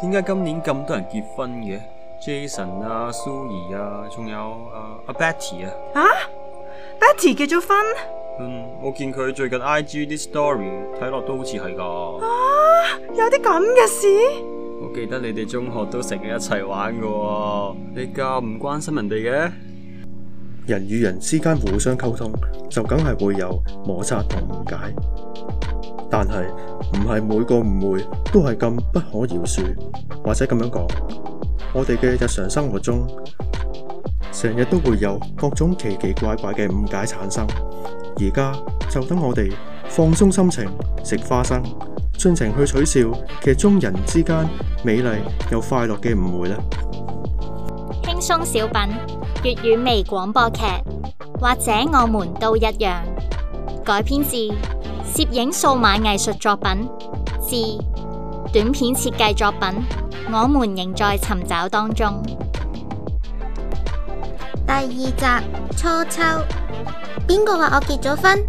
點解今年咁多人結婚嘅？Jason 啊，s 蘇怡啊，仲有阿、啊、阿、啊、Betty 啊，啊，Betty 結咗婚？嗯，我見佢最近 IG 啲 story 睇落都好似係噶。啊，有啲咁嘅事？我記得你哋中學都成日一齊玩噶，你咁唔關心人哋嘅？人與人之間互相溝通，就梗係會有摩擦同誤解。但係唔係每個誤會都係咁不可饒恕，或者咁樣講，我哋嘅日常生活中，成日都會有各種奇奇怪怪嘅誤解產生。而家就等我哋放鬆心情，食花生，盡情去取笑劇中人之間美麗又快樂嘅誤會啦。輕鬆小品，粵語微廣播劇，或者我們都一樣，改編自。攝影數碼藝術作品，及短片設計作品，我們仍在尋找當中。第二集初秋，邊個話我結咗婚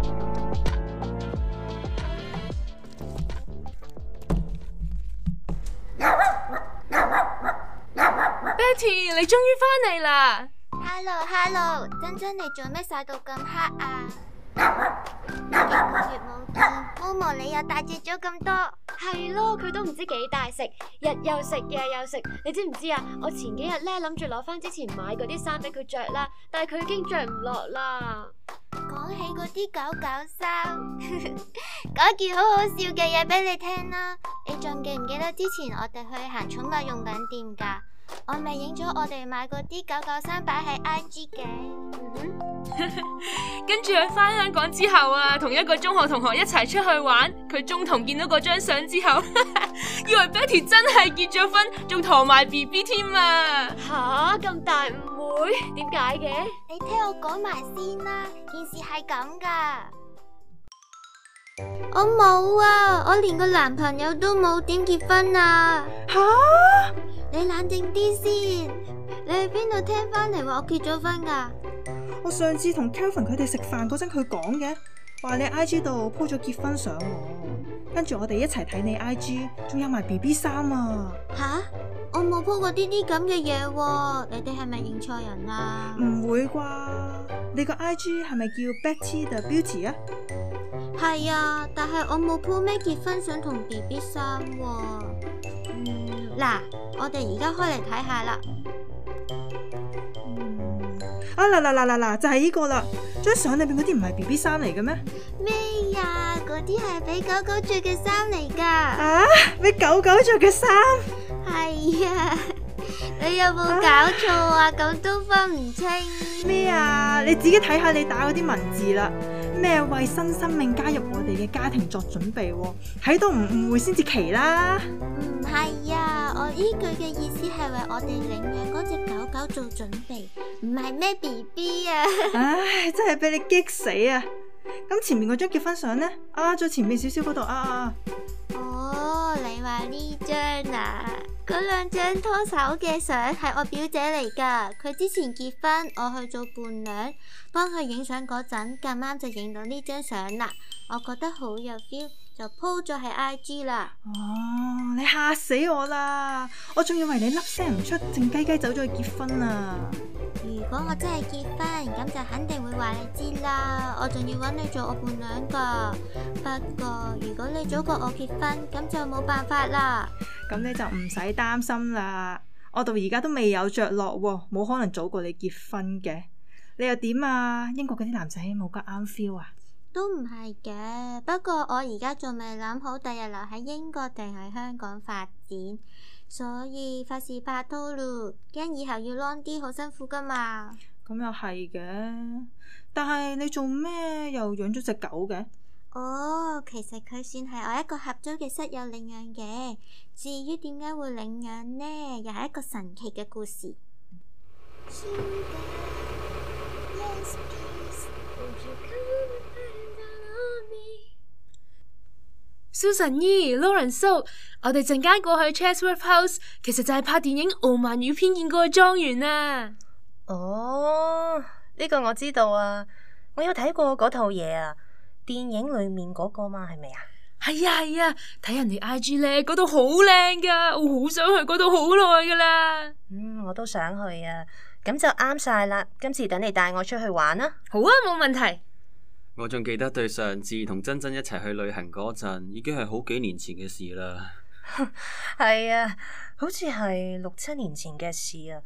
？Betty，你終於翻嚟啦！Hello，Hello，珍珍你做咩曬到咁黑啊？幾個月冇見，毛毛你又大隻咗咁多。係咯，佢都唔知幾大食，日又食，夜又食，你知唔知啊？我前幾日咧諗住攞翻之前買嗰啲衫俾佢着啦，但係佢已經着唔落啦。講起嗰啲狗狗衫，講 件好好笑嘅嘢俾你聽啦。你仲記唔記得之前我哋去行寵物用品店噶？我咪影咗我哋買嗰啲九九三擺喺 IG 嘅，嗯 跟住佢返香港之後啊，同一個中學同學一齊出去玩，佢中途見到嗰張相之後， 以為 Betty 真係結咗婚，仲馱埋 BB 添啊！吓咁、啊、大誤會，點解嘅？你聽我講埋先啦，件事係咁噶。我冇啊！我連個男朋友都冇，點結婚啊？吓哈！你冷靜啲先。你喺邊度聽翻嚟話我結咗婚噶？我上次同 Kelvin 佢哋食飯嗰陣，佢講嘅，話你 I G 度 po 咗結婚相，跟住我哋一齊睇你 I G，仲有埋 B B 衫啊！吓！我冇 po 過啲啲咁嘅嘢，你哋係咪認錯人啊？唔會啩？你個 I G 係咪叫 Betty the Beauty 啊？係啊，但係我冇鋪咩結婚相同 BB 衫喎。嗱、嗯，我哋而家開嚟睇下啦。嗯、啊，嗱嗱嗱嗱嗱，就係、是、依個啦。張相裏邊嗰啲唔係 BB 衫嚟嘅咩？咩啊？嗰啲係俾狗狗着嘅衫嚟噶。是啊！俾狗狗着嘅衫？係啊，你有冇搞錯啊？咁、啊、都分唔清？咩啊？你自己睇下你打嗰啲文字啦。咩為新生命加入我哋嘅家庭作準備、啊？喺度唔誤會先至奇啦！唔係啊，我依句嘅意思係為我哋領養嗰隻狗狗做準備，唔係咩 BB 啊！ 唉，真係俾你激死啊！咁前面嗰張結婚相呢？啊，再前面少少嗰度啊啊！哦，oh, 你話呢張啊？嗰兩張拖手嘅相係我表姐嚟㗎，佢之前結婚，我去做伴娘，幫佢影相嗰陣，咁啱就影到呢張相啦，我覺得好有 feel。就 po 咗喺 IG 啦！哦，你嚇死我啦！我仲以為你粒聲唔出，靜雞雞走咗去結婚啊！如果我真係結婚，咁就肯定會話你知啦。我仲要揾你做我伴娘噶，不過如果你早過我結婚，咁、嗯、就冇辦法啦。咁你就唔使擔心啦。我到而家都未有着落喎，冇可能早過你結婚嘅。你又點啊？英國嗰啲男仔冇咁啱 feel 啊？都唔係嘅，不過我而家仲未諗好，第日留喺英國定喺香港發展，所以費事拍拖咯，驚以後要 long 啲，好辛苦噶嘛。咁又係嘅，但係你做咩又養咗隻狗嘅？哦，其實佢算係我一個合租嘅室友領養嘅。至於點解會領養呢？又係一個神奇嘅故事。寶寶 Yes, please, 蘇神醫，Lauren So，我哋陣間過去 Chatsworth House，其實就係拍電影《傲慢與偏見》嗰個莊園啊！哦，呢個我知道啊，我有睇過嗰套嘢啊，電影裏面嗰個嘛係咪啊？係啊係啊，睇人哋 I G 咧，嗰度好靚噶，我好想去嗰度好耐噶啦。嗯，我都想去啊，咁就啱晒啦。今次等你帶我出去玩啊。好啊，冇問題。我仲記得對上次同珍珍一齊去旅行嗰陣，已經係好幾年前嘅事啦。係 啊，好似係六七年前嘅事啊。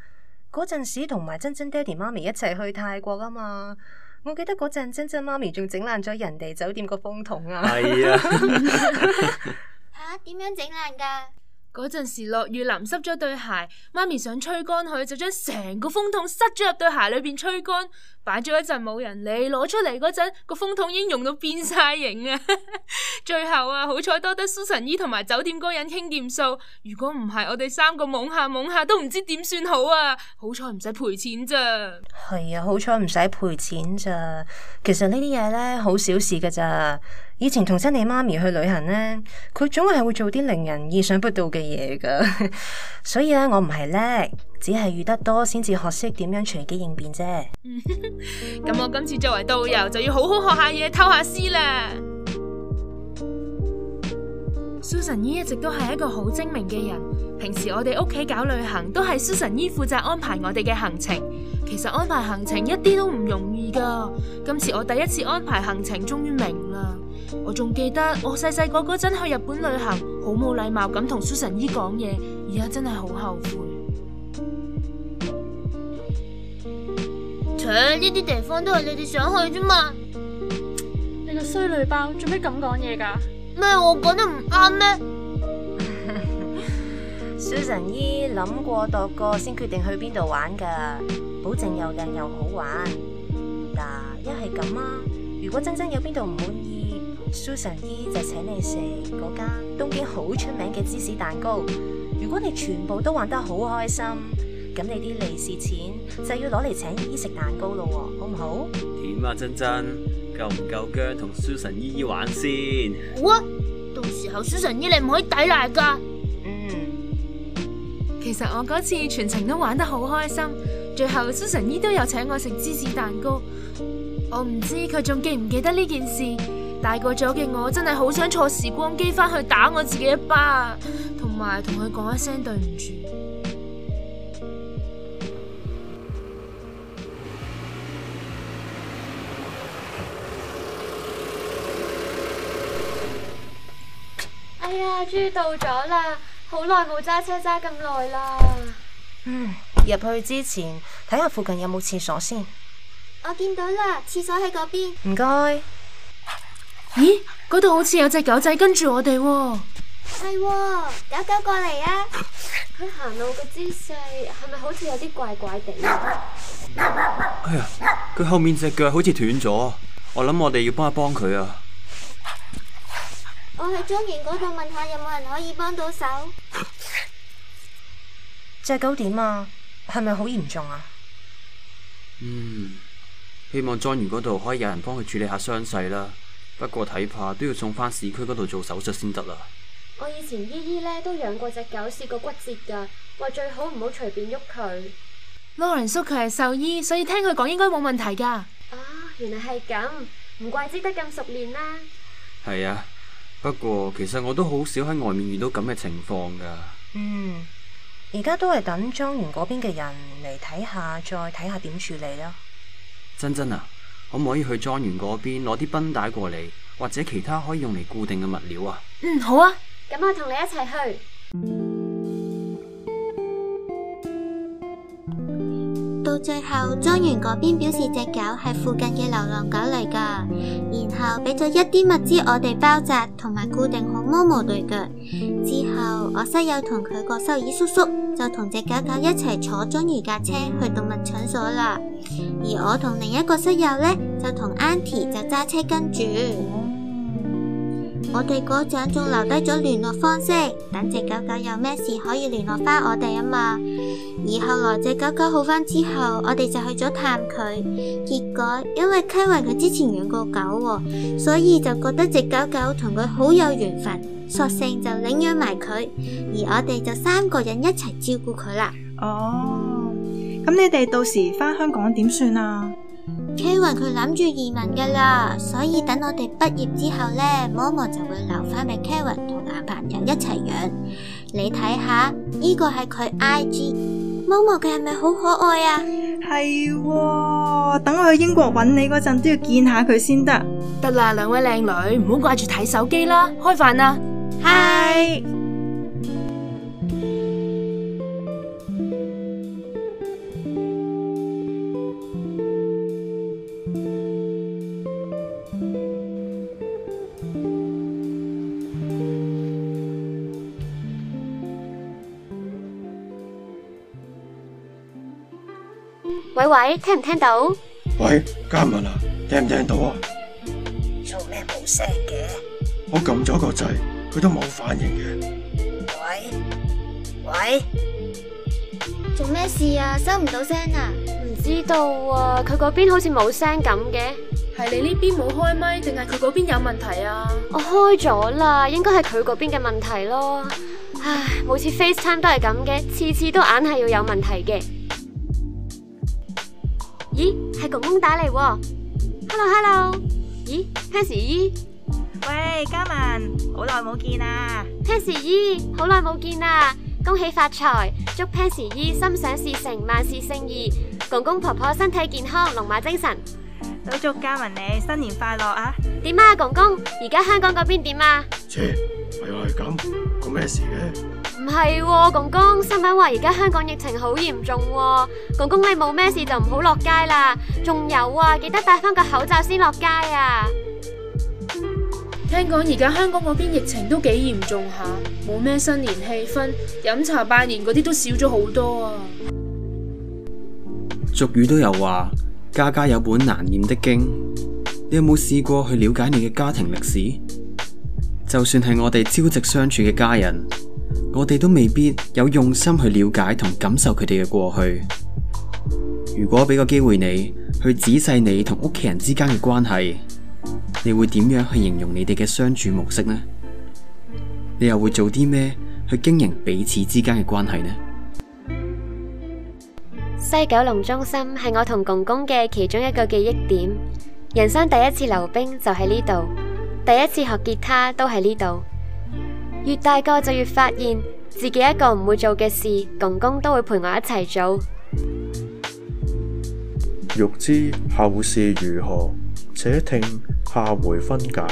嗰陣時同埋珍珍爹哋媽咪一齊去泰國啊嘛。我記得嗰陣珍珍媽咪仲整爛咗人哋酒店個風筒啊。係是啊。吓、 啊？點樣整爛噶？嗰陣時落雨淋濕咗對鞋，媽咪想吹乾佢，就將成個風筒塞咗入對鞋裏邊吹乾，擺咗一陣冇人理，攞出嚟嗰陣個風筒已經融到變晒形啊！ 最後啊，好彩多得蘇神醫同埋酒店工人傾掂數，如果唔係我哋三個懵下懵下都唔知點算好啊！好彩唔使賠錢咋，係啊，好彩唔使賠錢咋，其實呢啲嘢咧好小事噶咋。以前同真你媽咪去旅行呢，佢總係會做啲令人意想不到嘅嘢噶， 所以咧我唔係叻，只係遇得多先至學識點樣隨機應變啫。咁 我今次作為導遊就要好好學下嘢，偷下師啦。蘇神醫一直都係一個好精明嘅人，平時我哋屋企搞旅行都係蘇神醫負責安排我哋嘅行程。其實安排行程一啲都唔容易噶。今次我第一次安排行程，終於明啦。我仲記得我細細個嗰陣去日本旅行，好冇禮貌咁同 Susan 姨講嘢，而家真係好後悔。切、呃，呢啲地方都係你哋想去啫嘛！你個衰女包，做咩咁講嘢噶？咩？我講得唔啱咩？Susan 姨諗過度過先決定去邊度玩噶，保證又靚又好玩。嗱，一係咁啊，如果真真有邊度唔滿意，Susan 姨就請你食嗰間東京好出名嘅芝士蛋糕。如果你全部都玩得好開心，咁你啲利是錢就要攞嚟請姨食蛋糕咯，好唔好？點啊，珍珍？夠唔夠姜同 Susan 姨姨玩先？我、哦、到時候 Susan 姨你唔可以抵賴噶。嗯，其實我嗰次全程都玩得好開心，最後 Susan 姨都有請我食芝士蛋糕。我唔知佢仲記唔記得呢件事。大個咗嘅我真係好想坐時光機返去打我自己一巴，同埋同佢講一聲對唔住。哎呀，終於到咗啦！好耐冇揸車揸咁耐啦。嗯，入去之前睇下附近有冇廁所先。我見到啦，廁所喺嗰邊。唔該。咦，嗰度好似有隻狗仔跟住我哋喎，啊，係，狗狗過嚟啊！佢行路嘅姿勢係咪好似有啲怪怪地？哎呀，佢後面隻腳好似斷咗，我諗我哋要幫一幫佢啊！我去莊園嗰度問下有冇人可以幫到手。隻狗點啊？係咪好嚴重啊？嗯，希望莊園嗰度可以有人幫佢處理下傷勢啦。不過睇怕都要送翻市區嗰度做手術先得啦。我以前姨姨咧都養過隻狗，試過骨折噶，話最好唔好隨便喐佢。Lauren 叔佢係獸醫，所以聽佢講應該冇問題噶。啊、哦，原來係咁，唔怪之得咁熟練啦。係啊，不過其實我都好少喺外面遇到咁嘅情況噶。嗯，而家都係等莊園嗰邊嘅人嚟睇下，再睇下點處理啦。真真啊！可唔可以去莊園嗰邊攞啲繃帶過嚟，或者其他可以用嚟固定嘅物料啊？嗯，好啊，咁我同你一齊去。最後莊園嗰邊表示隻狗係附近嘅流浪狗嚟㗎，然後俾咗一啲物資我哋包紮同埋固定好毛毛對腳。之後我室友同佢個獸醫叔叔就同隻狗狗一齊坐莊園架車去動物診所啦，而我同另一個室友呢，就同 Auntie 就揸車跟住。我哋嗰陣仲留低咗聯絡方式，等隻狗狗有咩事可以聯絡返我哋啊嘛。而後來隻狗狗好返之後，我哋就去咗探佢。結果因為溪雲佢之前養過狗喎，所以就覺得隻狗狗同佢好有緣分，索性就領養埋佢。而我哋就三個人一齊照顧佢啦。哦，咁你哋到時返香港點算啊？Kevin 佢諗住移民嘅啦，所以等我哋畢業之後咧，Momo 就會留翻俾 Kevin 同男朋友一齊養。你睇下，呢個係佢 IG，Momo 佢係咪好可愛啊？係、哦，等我去英國揾你嗰陣都要見下佢先得。得啦，兩位靚女唔好掛住睇手機啦，開飯啦。Hi。Hi 喂喂，聽唔聽到？喂，嘉文啊，聽唔聽到啊？做咩冇聲嘅？我撳咗個掣，佢都冇反應嘅。喂喂，做咩事啊？收唔到聲啊？唔知道啊？佢嗰邊好似冇聲咁嘅。係你呢邊冇開咪，定係佢嗰邊有問題啊？我開咗啦，應該係佢嗰邊嘅問題咯。唉，每次 FaceTime 都係咁嘅，次次都硬係要有問題嘅。咦，係公公打嚟喎，hello hello，咦，Pansy 姨，喂，嘉文，好耐冇見喇，Pansy 姨，好耐冇見喇，恭喜發財，祝 Pansy 姨心想事成，萬事勝意，公公婆婆身體健康，龍馬精神，都祝嘉文你新年快樂啊，點啊，公公，而家香港嗰邊點啊，切，原來係咁，咁咩事嘅？唔係、啊，公公，新聞話而家，香港疫情好嚴重、啊，公公你冇咩事就唔好落街啦。仲有啊，記得戴翻個口罩先落街啊。聽講而家香港嗰邊疫情都幾嚴重下、啊，冇咩新年氣氛，飲茶拜年嗰啲都少咗好多啊。俗語都有話，家家有本難念的經。你有冇試過去了解你嘅家庭歷史？就算係我哋朝夕相處嘅家人。我哋都未必有用心去了解同感受佢哋嘅過去。如果俾個機會你去仔細你同屋企人之間嘅關係，你會點樣去形容你哋嘅相處模式呢？你又會做啲咩去經營彼此之間嘅關係呢？西九龍中心係我同公公嘅其中一個記憶點。人生第一次溜冰就喺呢度，第一次學吉他都喺呢度。越大個就越發現自己一個唔會做嘅事，公公都會陪我一齊做。欲知後事如何，且聽下回分解。